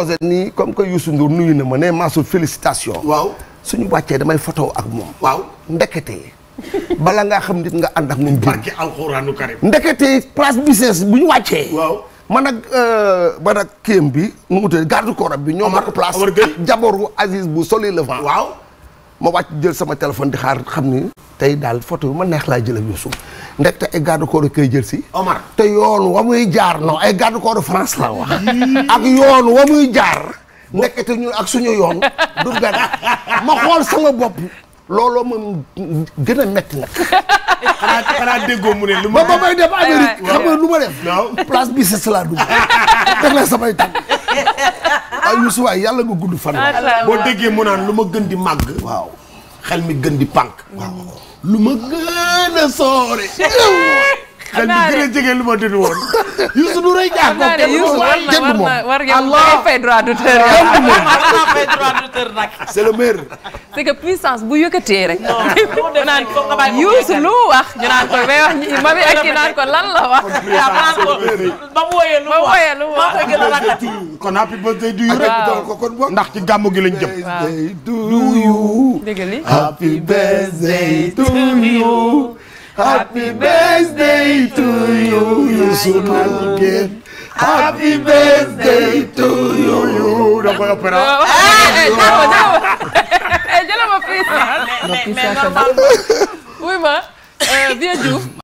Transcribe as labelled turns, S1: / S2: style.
S1: projet nii comme que Youssou Ndour nuyu na ma ne Mansour félicitation. waaw suñu wàccee damay photo ak moom. waaw ndekete. bala ngaa xam nit nga ànd ak moom. barke alxuraanu karim. ndekete place business bu ñu wàccee. waaw man ak euh, man ak kéem bi nu mu tudd garde corps bi ñoo bokk place ak jaboru Aziz bu soli le vent. waaw ma wàcc jël sama téléphone di xaar xam ni. tey daal photo bi ma neex laa jël ak Youssou ndekte ay garde corps koy jël si. Omar te yoon wa muy jaar non ay garde corps de France la wax. ak yoon wa muy jaar. ndekete ñun ak suñu yoon. du ma xool sama bopp. looloo moom gën a metti nag. xanaa xanaa déggoo mu ne lu ma. ba ba may dem Amérique xam nga lu ma def. place bi c'est la dugg. teg la samay tànk. ay Youssou waay yàlla nga gudd fan. boo déggee mu naan lu ma gën di màgg. waaw. xel mi gën di pànk. lu ma gën a soore. xel bi gën a jege lu ma dund woon. war jënd war nga fay droit d'auteur c'est le maire. c'est que puissance bu yëkkatee rek. naan Youssou lu wax. ñu naan ko bay wax ma bi ak ki naan ko lan la wax. Ah, ba ko kon boog ndax ci gàmmu gi lañ jëm. waaw du Happy birthday to you, Youssou Ndour. Happy birthday to you. you. da koy opéra. jëlal ma fii. ma fii ma.